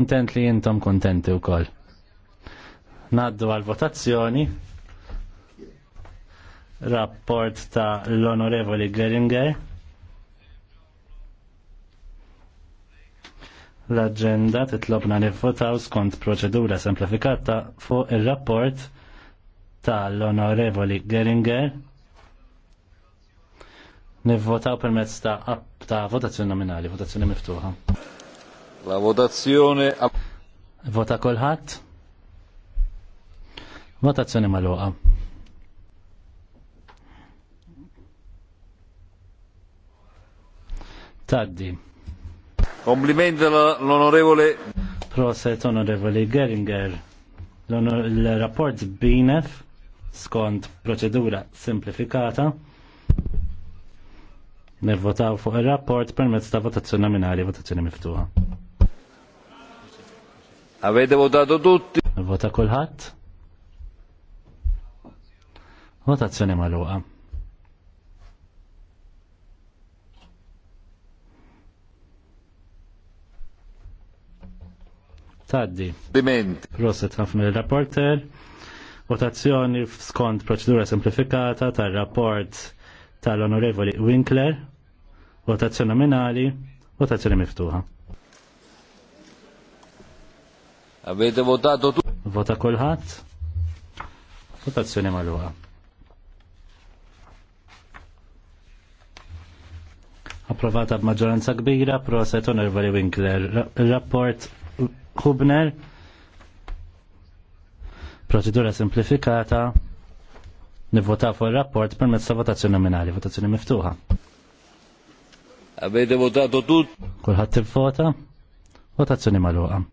kontent li jintom kontenti u koll. Naddu għal-votazzjoni. Rapport ta' l-Onorevoli Geringer. L-agenda titlobna li votaw skont proċedura semplifikata fuq il-rapport ta' l-Onorevoli Geringer. Nivvotaw permezz ta' ta' votazzjoni nominali, votazzjoni miftuħa. La votazzjoni. Vota kolħat? Votazzjoni maluqa. Taddi. Komplimenti l-onorevole. Proset onorevoli Geringer. L-rapport BNF skont proċedura simplifikata nivvotaw fuq ir rapport permezz ta' votazzjoni nominali, votazzjoni miftuħa. Avete votato tutti? Vota kulħadd? Votazzjoni magħluqa. Taddi. Diment. Rosset ħafna il-rapporter. Votazzjoni skont proċedura semplifikata tar-rapport tal-Onorevoli Winkler. Votazzjoni nominali. Votazzjoni miftuħa. Avete votato tu? Vota kolħat? Votazzjoni maluqa. Approvata b'maġġoranza kbira, proset onorvali Winkler. Rapport Hubner, procedura simplifikata, nivvota fuq il-rapport permezz ta' votazzjoni nominali, votazzjoni miftuħa. Avete votato tutti? Kulħadd tivvota? Votazzjoni magħluqa.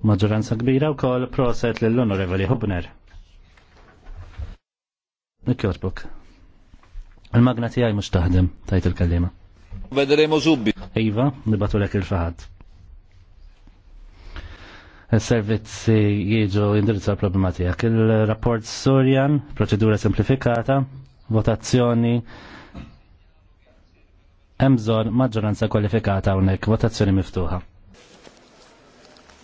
Maġġoranza kbira wkoll proset l onorevoli Hubner. Nikjotbuk. Il-magna tiegħi mhux taħdem, tajt il-kallima. Vedremo subbi. Iva, nibatulek il-faħad. Il-servizzi jiġu indirizzu għal-problema tiegħek. Il-rapport Sorjan, proċedura simplifikata, votazzjoni hemm bżonn maġġoranza kwalifikata hawnhekk, votazzjoni miftuħa.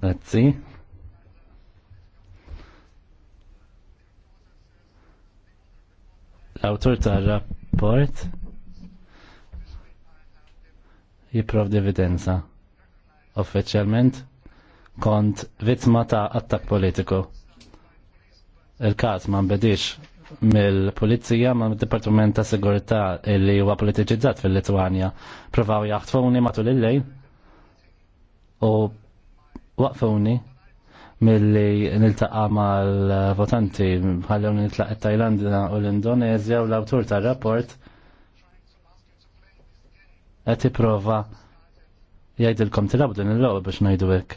Grazzi. L-autor tar-rapport jiprov dividenza. Uffiċjalment kont vittma ta' attak politiku. Il-kas ma' mbedix mill-Pulizija ma' Departiment ta' Sigurtà illi huwa politiċizzat fil-Litwanja. Provaw jaħtfuni matul il-lejl u waqfuni mill-li niltaqa mal-votanti nitlaq il Tajlandina u l-Indonezja u l-autur tal-rapport qed prova jgħidilkom tilab din il-logħba biex ngħidu hekk.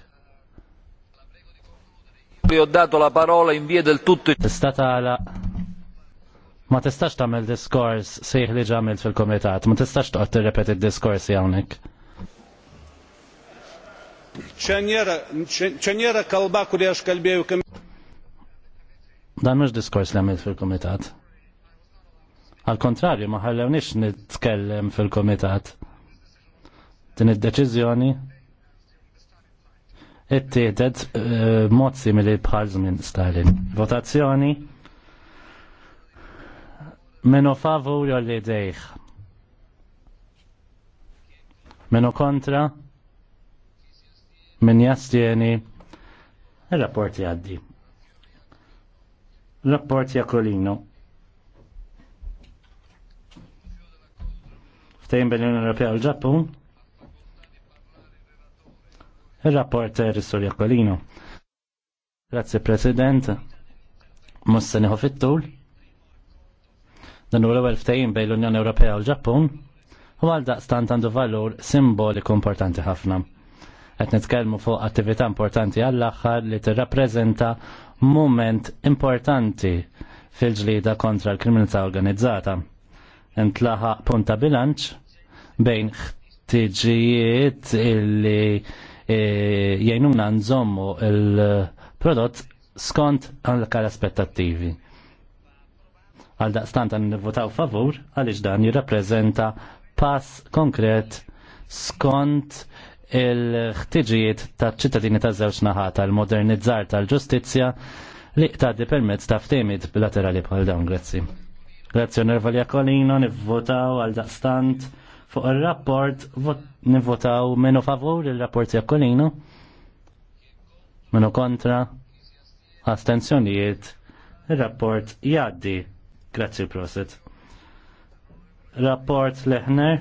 Li ho dato la parola in via del tutto. Tista' tagħla ma tistax tagħmel diskors sejħ li ġamilt fil-komitat, ma tistax toqgħod tirrepeti diskors diskorsi hawnhekk. Čia nėra, čia, čia nėra kalba, kurį aš kalbėjau. Kam... Dan mux diskors li għamilt fil-komitat. Al kontrarju, ma ħallewniex nitkellem fil-komitat. Din id-deċiżjoni ittieħdet uh, eh, mod simili bħal żmien Stalin. Votazzjoni minu favur jolli dejħ. Minu kontra? Min jastjeni, il-rapport jaddi. Rapport jakolino. Ftejn bil-Unjoni Ewropea u l-Ġappun. Il-rapport Rissur Jakolino. Grazie President. Mussani fit-tul. Dan u l-ewwel ftehim bejn l-Unjoni Ewropea u l-Ġappun u għal daqstant għandu valur simboliku importanti ħafna. Qed nitkellmu fuq attività importanti għall-aħħar li tirrappreżenta moment importanti fil-ġlida kontra l-kriminalità organizzata. Ntlaħa punta bilanċ bejn ħtiġijiet illi e, jgħinuna nżommu il-prodott skont għal aspettattivi għal daqstant għan nivvotaw favur għal dan jirrapprezenta pass konkret skont il-ħtiġijiet ta' ċittadini ta' żewġ naħa tal-modernizzar tal-ġustizzja li tgħaddi permezz ta' ftehimiet bilaterali bħal dawn grazzi. Grazzi onorevoli Jakolino nivvotaw għal daqstant fuq ir-rapport nivvotaw minnu favur il-rapport Jakolino minu kontra astenzjonijiet il-rapport jaddi. Grazzi proset. Rapport Lehner.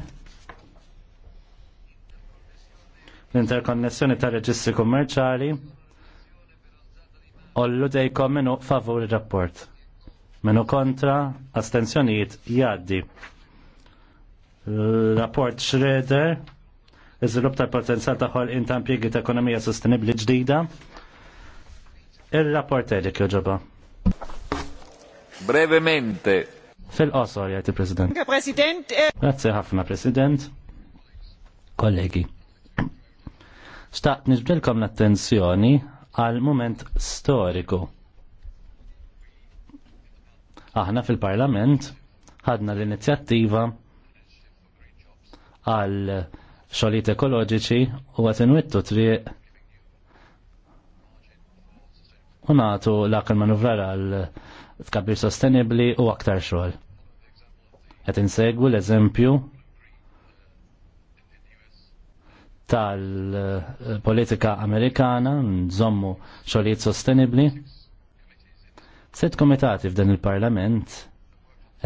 l-interkonnessjoni ta' reġistri kummerċali. Ollu dejkom minnu favur il-rapport. Minnu kontra, astenzjonijiet jaddi. Rapport Schroeder, iżvilupp tal-potenzjal ta' xol intampiegi ta' ekonomija sostenibli ġdida. Il-rapport edik joġoba. Brevemente. Fil-qosor, jgħati President. Grazie ħafna, President. Kollegi. Staqt nġbdilkom l-attenzjoni għal moment storiku. Aħna fil-Parlament ħadna l-inizjattiva għal xogħlijiet ekoloġiċi u għat inwittu triq u nagħtu l-akil manuvrar għal tkabbir sostenibli u aktar xogħol. Qed insegwu l-eżempju tal-politika amerikana, nżommu xogħlijiet sostenibbli. Sitt komitati f'dan il-Parlament,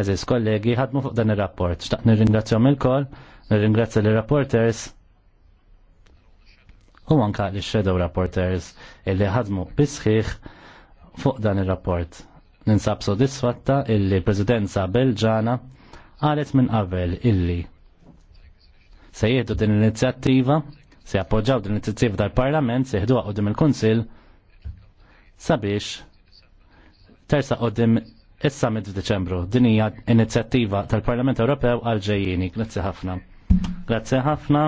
eżis kollegi, ħadmu fuq dan ir-rapport. Xtaq nirringrazzjom il-kol, nirringrazzja l-rapporters, u anka li shadow rapporters illi ħadmu bisħiħ fuq dan il-rapport. Ninsab sodisfatta illi l-Presidenza Belġana għalet minn qabel illi se jieħdu din l-inizjattiva, se appoġġaw din l-inizjattiva tal-Parlament, se jieħdu għoddim il kunsill sabiex tersa qoddim is-summit f'Deċembru. Din hija inizjattiva tal-Parlament Ewropew għal ġejjini. Grazzi ħafna. Grazzi ħafna.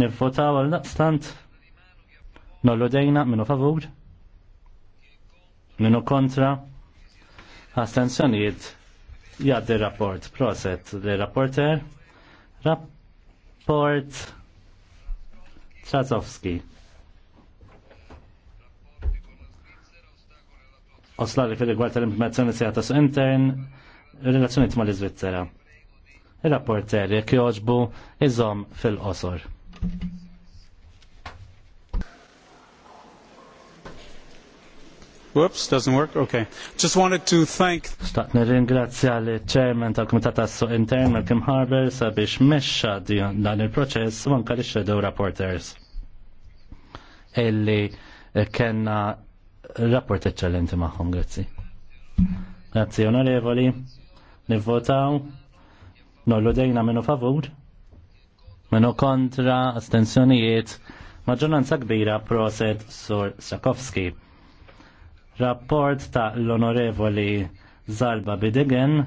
Nivvotaw għal naqstant. Nollu dejna minnu favur. Minnu kontra. Astenzjonijiet jgħaddi rapport. Proset li rapporter. Rapport Port Trzaskowski. Osla li fil-rigward tal-implementazzjoni sejata su intern, relazzjoniet ma l-Izvizzera. Il-rapporter jek joġbu iżom fil-qosor. Whoops, doesn't work? Okay. Just wanted to thank... Staqt nirringrazzja li ċermen tal-Komitat Assu Intern Malcolm Harbour sabiex mexxa dan il-proċess u anka li shadow rapporters. Illi kena rapport eccellenti magħhom, grazzi. Grazzi onorevoli, nivvotaw, nollu dejna minu favur, minu kontra, astensjonijiet, maġġoranza kbira proset Sur Sakowski rapport ta' l-onorevoli Zalba Bidegen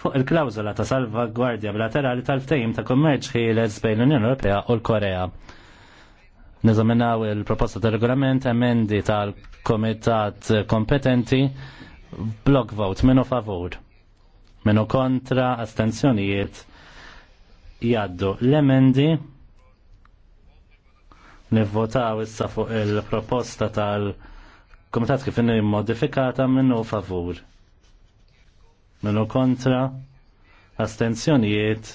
fuq il-klawzola ta' salvagwardja bilaterali tal-ftejim ta' kummerċ ħieles bejn l-Unjoni Ewropea u l-Korea. Nizominaw il-proposta ta' regolament emendi tal-komitat kompetenti blog vote minu favur. Minu kontra astenzjonijiet jaddu l-emendi nivvotaw issa fuq il-proposta tal-komitat Komitat kif inni modifikata minnu favur. Minnu kontra astenzjonijiet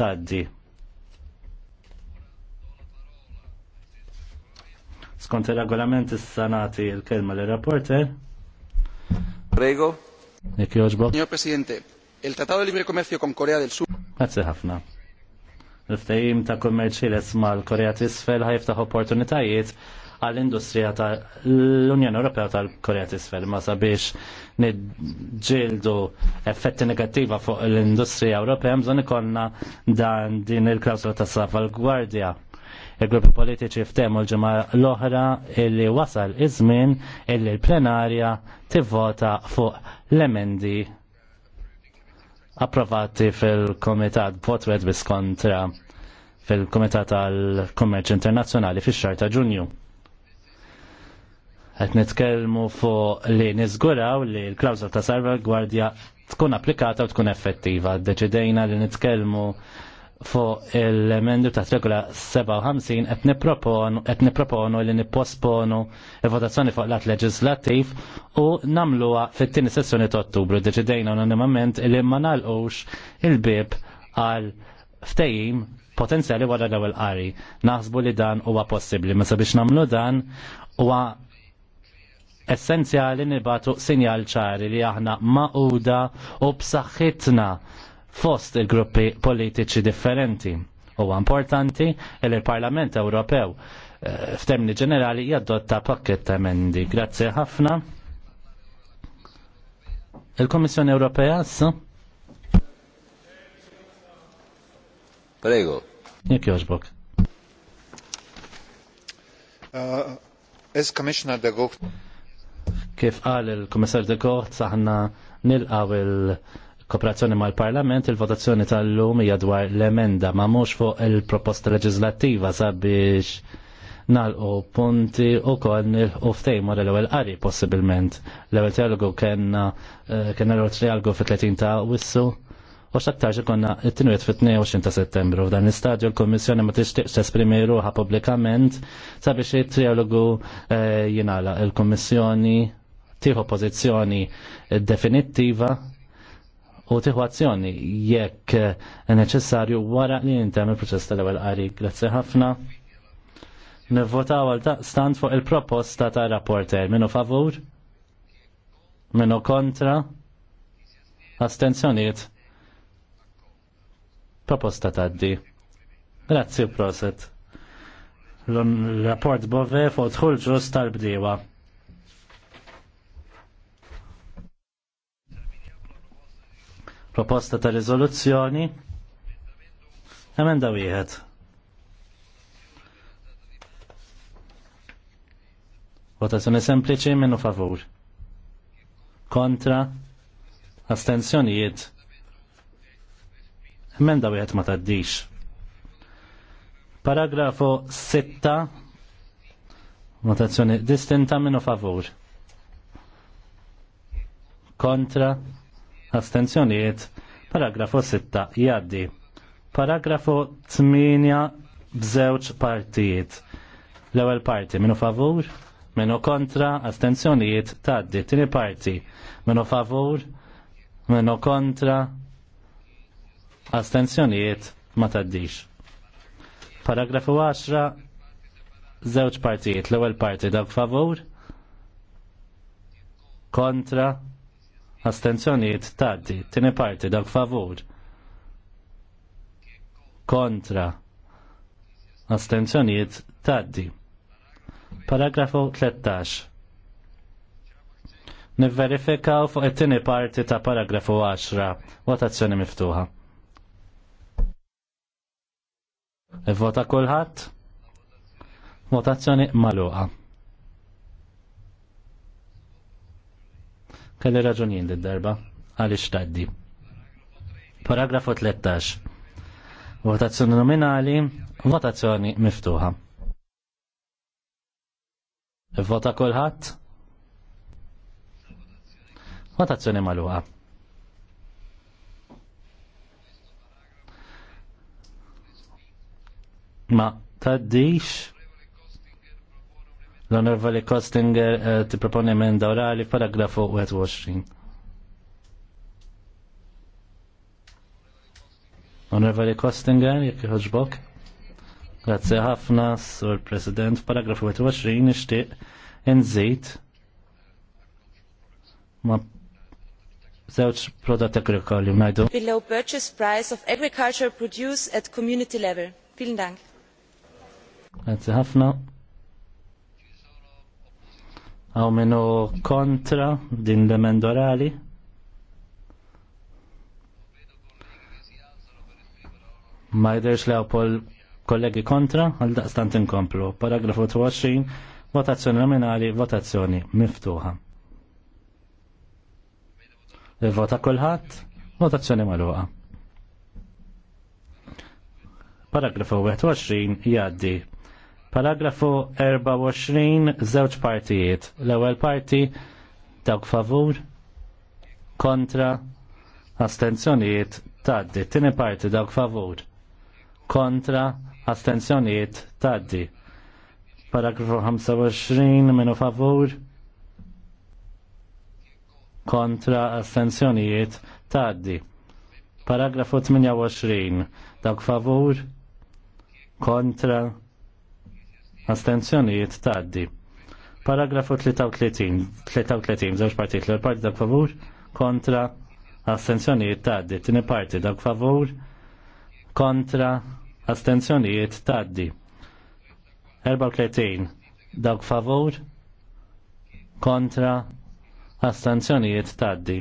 taddi. Skont il-regolament s sanati il-kelma l-rapporter. Prego. Nik joġbok. Signor Presidente, il tratado di Libre Commercio con Korea del Sud. Grazie ħafna. L-ftajim ta' kummerċi l-esma l-Korea t-isfel ħajftaħ opportunitajiet għall-industrija tal-Unjoni Ewropea tal-Korea t-isfel ma sabiex nidġildu effetti negattiva fuq l-industrija Ewropea mżon ikonna dan din il-klawsola ta' gwardja Il-gruppi politiċi ftemu l-ġemma l-oħra illi wasal iż-żmien illi l-plenarja tivvota fuq l-emendi approvati fil-Komitat Votwed Biskontra fil-Komitat tal-Kummerċ Internazzjonali fix-xar ta' Ġunju. Qed nitkellmu fuq li niżguraw li l-klawżol ta' gwardja tkun applikata u tkun effettiva. Deċidejna li nitkellmu fuq il-emendu ta' regola 57 qed nipproponu qed nipproponu li nipposponu il-votazzjoni fuq l-att leġislattiv u namluha fit-tieni sessjoni ta' Ottubru. Deċidejna unanimament li ma nagħlqux il-bib għal ftejim potenzjali wara l-ewwel qari. Naħsbu li dan huwa possibbli, ma sabiex nagħmlu dan huwa essenzjali nibatu sinjal ċari li aħna maquda u b'saħħitna fost il-gruppi politiċi differenti. Huwa importanti li l parlament Ewropew eh, f'termini ġenerali jaddotta pakket emendi. Grazzi ħafna. Il-Komissjoni Ewropea issa? Prego. Jek joġbok. Uh, Commissioner de Gucht, Kif qal il-Kummissar de Kort saħna nilqaw il-kooperazzjoni mal-Parlament il-votazzjoni tal-lum hija dwar l-emenda ma mhux fuq il-proposta leġislattiva sabiex nalqu punti u kon nilqu ftejmu l ewwel qari possibilment. L-ewwel trialgu kena eh, kena l-ewwel trialgu fit-30 ta' wissu u x'aktarx konna it-tinwiet fit-22 ta' Settembru. F'dan l-istadju l kummissjoni ma tixtieqx tesprimi ruħha pubblikament sabiex it-trialogu eh, jingħala. il kummissjoni tieħu pożizzjoni definittiva u tiħu azzjoni jekk neċessarju wara li jintem il-proċess tal-ewwel għari. Grazzi ħafna. Nivvotaw għal stand fuq il-proposta ta' rapporter. Minu favur? Minu kontra? Astenzjoniet? Proposta ta' Grazzi Grazie proset. L-rapport bove fuq tħulġus tal-bdiewa. proposta ta' rizoluzzjoni. Emenda wieħed. Votazzjoni sempliċi minnu favur. Kontra. Astenzjonijiet. Emenda wieħed ma taddix. Paragrafu 6. Votazzjoni distinta minnu favur. Kontra astenzjonijiet, paragrafu 6 jaddi. Paragrafu 8 bżewġ partijiet. L-ewwel parti minu favur, minu kontra, astenzjoniet, taddi. Tieni parti minu favur, minu kontra, astenzjonijiet ma taddix. Paragrafu 10 żewġ partijiet. L-ewwel parti dak favur, kontra, astenzjonijiet taddi, tini parti dak favur kontra astenzjonijiet taddi. Paragrafu 13. Nivverifikaw fuq it-tieni parti ta' paragrafu 10, votazzjoni miftuħa. Ivvota kulħadd? Votazzjoni magħluqa. Kelli raġunjien d-darba, għalix taddi. Paragrafu 13. Votazzjoni nominali, votazzjoni miftuħa. Vota kolħat? Votazzjoni maluħa. Ma taddix L-Onorvali Kostinger eh, ti proponi emenda orali paragrafu 21. Onorvali Kostinger, jek jħoġbok. Grazie ħafna, Sur President. Paragrafu 21 nishtiq nżid ma zewċ prodott agrikoli ngħidu. Below purchase price of agriculture produce at community level. Vielen Dank. Grazie ħafna. Għaw minu kontra din l-emendorali? Ma jidirx li għaw kollegi kontra, għal daqstant inkomplu. Paragrafu 20, votazzjoni nominali, votazzjoni miftuħa. Il-vota kolħat, votazzjoni maluqa. Paragrafu 21 jaddi Paragrafu 24, żewġ partijiet. L-ewwel parti dawk favur, kontra, astenzjonijiet taddi. Tieni parti dawk favur, kontra, astenzjoniet, taddi. Paragrafu 25 minu favur, kontra, astenzjoniet, taddi. Paragrafu 28 dawk favur, kontra, Astenzjonijiet taddi. Paragrafu 33, 33, żewġ partit l parti dak favur kontra astenzjonijiet taddi. Tini parti dak favur kontra astenzjonijiet taddi. 34 dak favur kontra astenzjonijiet taddi.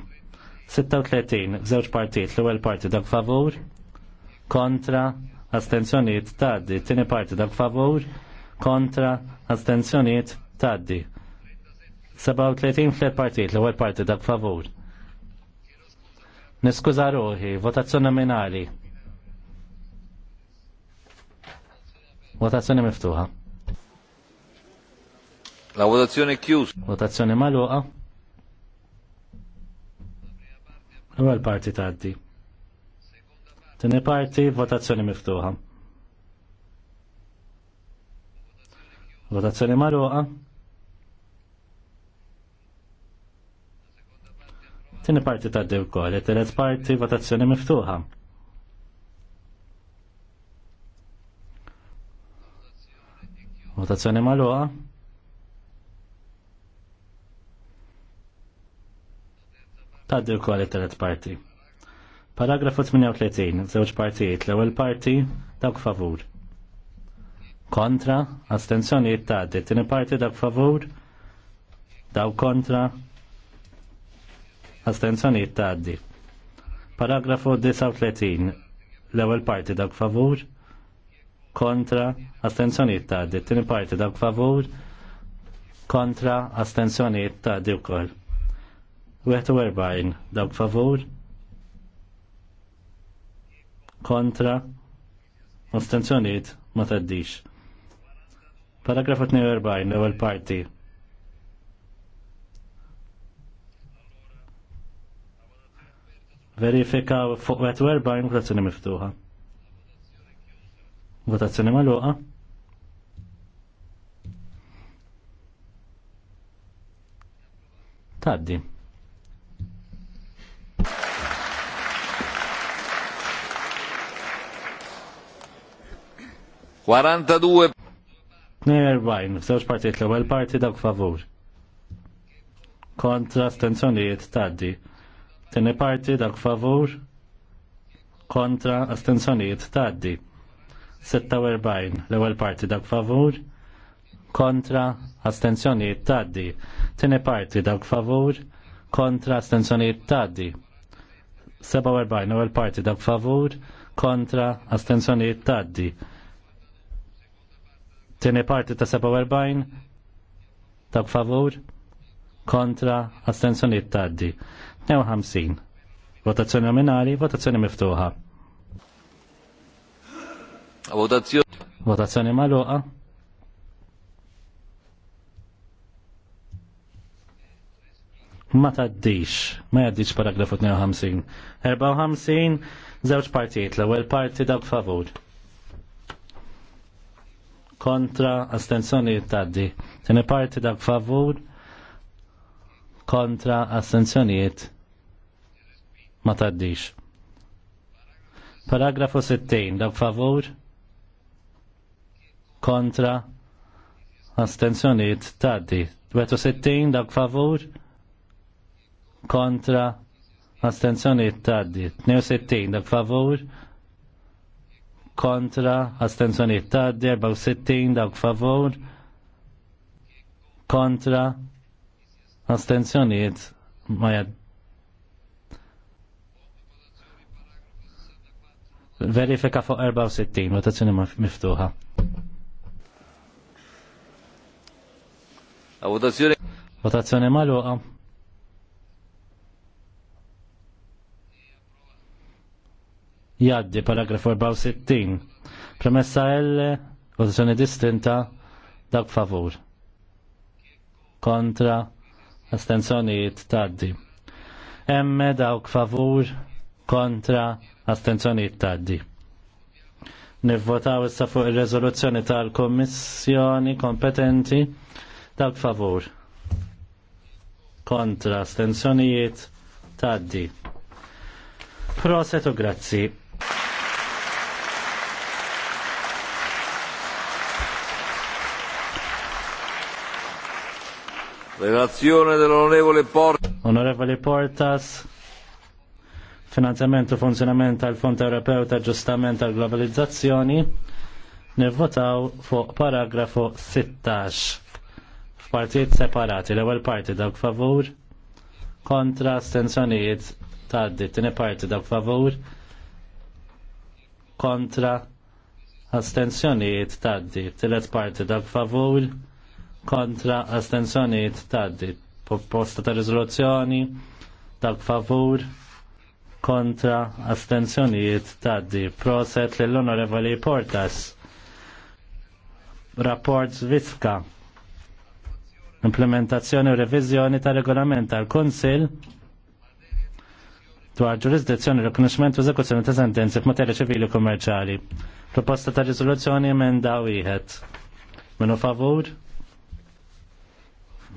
36 żewġ partit l-ewwel parti dak favur kontra astenzjonijiet taddi. Tini parti dak favur kontra astenzjoniet taddi. 37 fl partit l ewwel parti dak favur. Niskuza ruħi, votazzjoni nominali. Votazzjoni miftuħa. La votazzjoni chiusa. Votazzjoni maluqa. L-ewwel parti taddi. Tini parti, votazzjoni miftuħa. Votazzjoni marruqa. Tini parti ta' d-dewkol, telet parti votazzjoni miftuħa. Votazzjoni marruqa. Ta' d-dewkol, telet parti. Paragrafu 38, zewġ partijiet, l-ewel parti, dawk favur kontra, astenzjoni tgħaddi. Tieni parti dak favur, daw kontra, astenzjonijiet tgħaddi. Paragrafu 39, l-ewwel parti dak favur, kontra, astenzjoni tgħaddi. Tieni parti dak favur, kontra, astenzjonijiet tgħaddi wkoll. 41 dawk favur, kontra, astenzjonijiet ma taddix. Paragraf 42, l-ewwel parti. Verifika fuq 42 votazzjoni miftuħa. Votazzjoni magħluqa. Taddi. Quarantadue 42, f'żewġ partijiet l-ewwel parti dawk favur. Kontra astenzjonijiet taddi. Tieni parti dawk favur. Kontra astenzjonijiet taddi. 46 l-ewwel parti dawk favur. Kontra astenzjonijiet taddi. Tieni parti dawk favur. Kontra astenzjonijiet taddi. 47 l-ewwel parti dawk favur. Kontra astenzjonijiet taddi. Tieni parti ta' 47 ta' favur kontra astensjoniet taddi. 52. Votazzjoni nominali, votazzjoni miftuħa. Votazzjoni. Votazzjoni maluqa. Ma taddix, ma jaddix paragrafu 52. 54, zewġ partijiet, l-ewwel parti dak favur kontra astenzjonijiet taddi. Tieni parti dak favur kontra astenzjonijiet ma taddix. Paragrafu 60 dak favur kontra astenzjonijiet taddi. 60 dak favur kontra astenzjonijiet taddi. 62 dak favur kontra kontra, astenzjoniet ta' 64 dawk favor. kontra, astenzjoniet ma jad. Verifika fuq 64, votazzjoni miftuħa. Votazzjoni maluqa. jaddi paragraf 64. Premessa L, pozizjoni distinta, dak favur. Kontra, astenzjonijiet taddi. Emme dawk favur, kontra, astenzjonijiet taddi. Nivvotaw issa fuq ir-reżoluzzjoni tal-Kommissjoni kompetenti dawk favur. Kontra, astenzjonijiet taddi. Proset u grazzi. Relazione dell'onorevole Portas. Onorevole Portas, finanziamento u e funzionamento tal Fond di ta' ġustament globalizzazione, globalizzazzjoni, nivvotaw fuq paragrafu 16 Partiti separati. L-ewwel parti dawk favur, kontra stenzjonijiet tgħaddi, tieni parti favore? favur, kontra tardi, tgħaddi, le parti dawk favore? kontra astensjonijiet taddi. Proposta ta' riżoluzzjoni tal favur kontra astensjonijiet taddi. Proset lill-Onorevoli Portas. Rapport Zvizka. Implementazzjoni u revizjoni ta' regolament tal-Konsil dwar ġurisdizzjoni, rikonoxximent u eżekuzzjoni ta' sentenzi f'materja ċivili u kummerċali. Proposta ta' riżoluzzjoni emenda wieħed. Minu favur?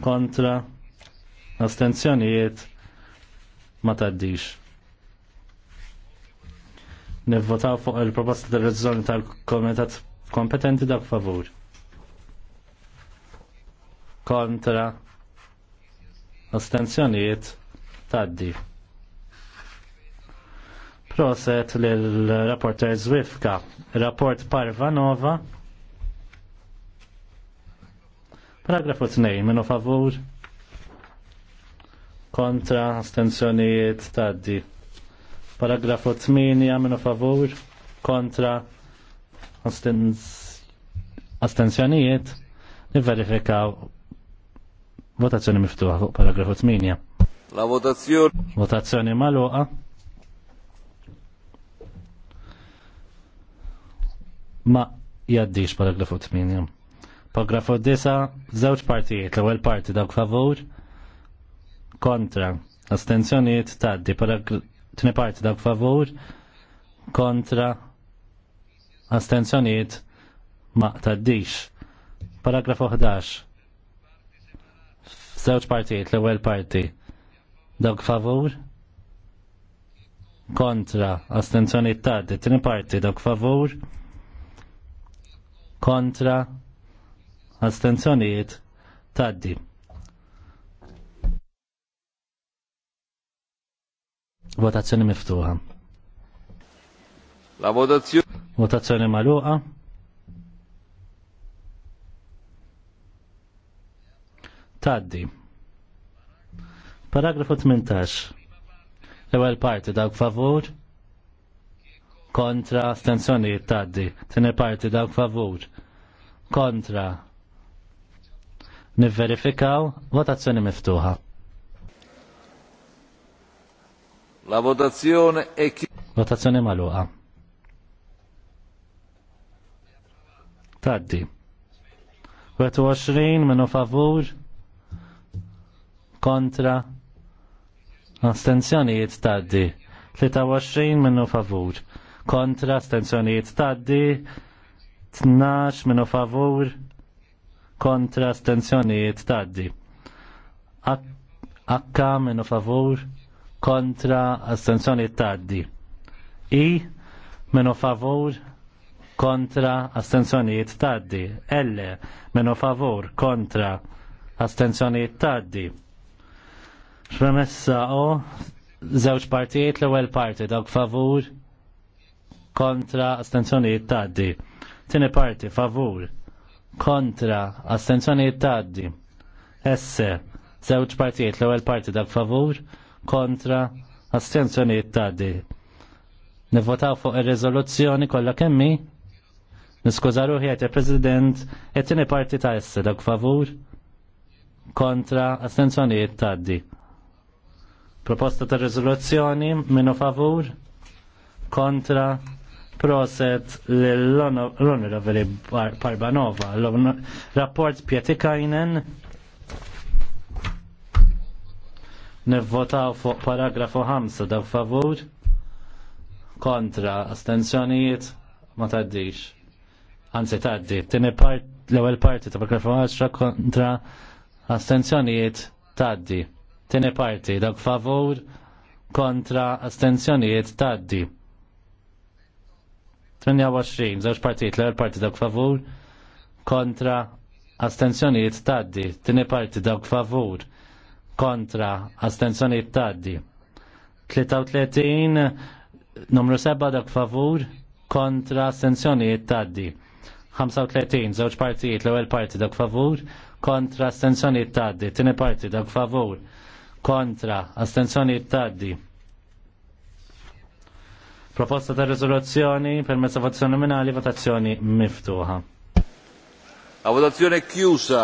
kontra astenzjonijiet ma taddix. Nivvotaw fuq il-proposta tal rezzjoni tal-komitat kompetenti dak favur. Kontra astenzjonijiet taddi. Proset l-rapporter Zwifka, rapport Parvanova, Paragrafu 2 minu favur kontra astenzjonijiet taddi. Paragrafu 8 minu favur kontra astenzjonijiet niverifikaw votazzjoni miftuħa fuq paragrafu 8. La votazzjoni. Votazzjoni maluqa. Ma jaddix paragrafu 8. Paragrafu 9, żewġ partijiet, l-ewwel parti dawk favur, kontra, astenzjonijiet taddi, tni parti dawk favur, kontra, astenzjonijiet ma taddix. Paragrafu 11, żewġ partijiet, l-ewwel parti dawk favur, kontra, astenzjonijiet taddi, tni parti dawk favur, kontra, astenzjonijiet taddi. Votazzjoni miftuħa. La votazzjoni. Votazzjoni maluqa. Taddi. Paragrafu 18. L-ewwel parti dawk favur. Kontra astenzjonijiet taddi. Tieni parti dawk favur. Kontra Nivverifikaw votazzjoni miftuħa. La votazione è chi... Votazione maluqa. Taddi. 21 minu favur. Kontra. Astenzjonijiet taddi. 23 minu favur. Kontra astenzjonijiet taddi. 12 minu favur kontra astenzjonijiet taddi. Akka minu favur kontra astenzjonijiet taddi. I minu favur kontra astenzjonijiet taddi. L minu favur kontra astenzjonijiet taddi. Premessa o zewċ partijiet l-ewwel parti dawk favur kontra astenzjonijiet taddi. Tieni parti favur kontra astenzjoni tgħaddi. Esse zewċ partijiet l-ewwel parti dak favur kontra astenzjoni tgħaddi. Nivvotaw fuq ir-riżoluzzjoni kollha kemmi? Niskuża ruħi qed il-President jettini parti ta' esse dak favur kontra astenzjoni tgħaddi. Proposta ta' riżoluzzjoni minu favur kontra Proset l-Onorevoli Parbanova, l-rapport Pietikajnen nivvotaw fuq paragrafu 5 dak favur kontra astenzjonijiet ma taddix. Anzi taddi, tini part, l-ewel parti ta' paragrafu 10 kontra astenzjonijiet taddi. Tini parti dak favur kontra astenzjonijiet taddi. 28, żewġ partijiet l parti dawk favur kontra astenzjonijiet taddi, tini parti dawk favur kontra astenzjonijiet taddi. 33 numru 7 dak favur kontra astenzjonijiet taddi. 35 żewġ partijiet l-ewwel parti dawk favur kontra astenzjonijiet taddi, tieni parti dawk favur kontra astenzjonijiet taddi. Proposta ta' rezoluzzjoni per mezza votazzjoni nominali, votazzjoni miftuħa. La votazzjoni chiusa.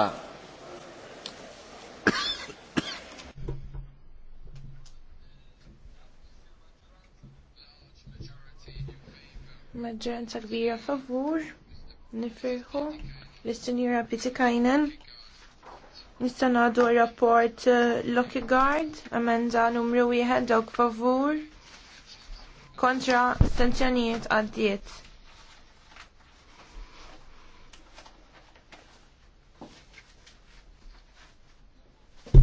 Maġġoranza kbira favur, nifirħu l istinjura Pitikajnen. Nista' ngħadu rapport eh, Lucky Guard, amenda numru wieħed dawk favur, kontra astenzjonijiet għaddiet.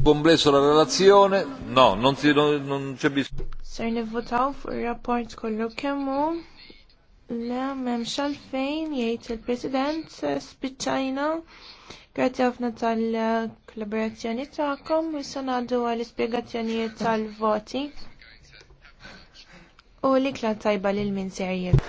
Complesso la relazione? No, non, si, non, non c'è bisogno. Ser nivvotaw fuq il-rapport kollu kemmu le mem għalfejn jgħid il-President spiċċajna Grazie għafna tal-kollaborazzjoni ta'kom u sanadu għal-ispiegazzjonijiet tal-voti u li tajba lil min serjed.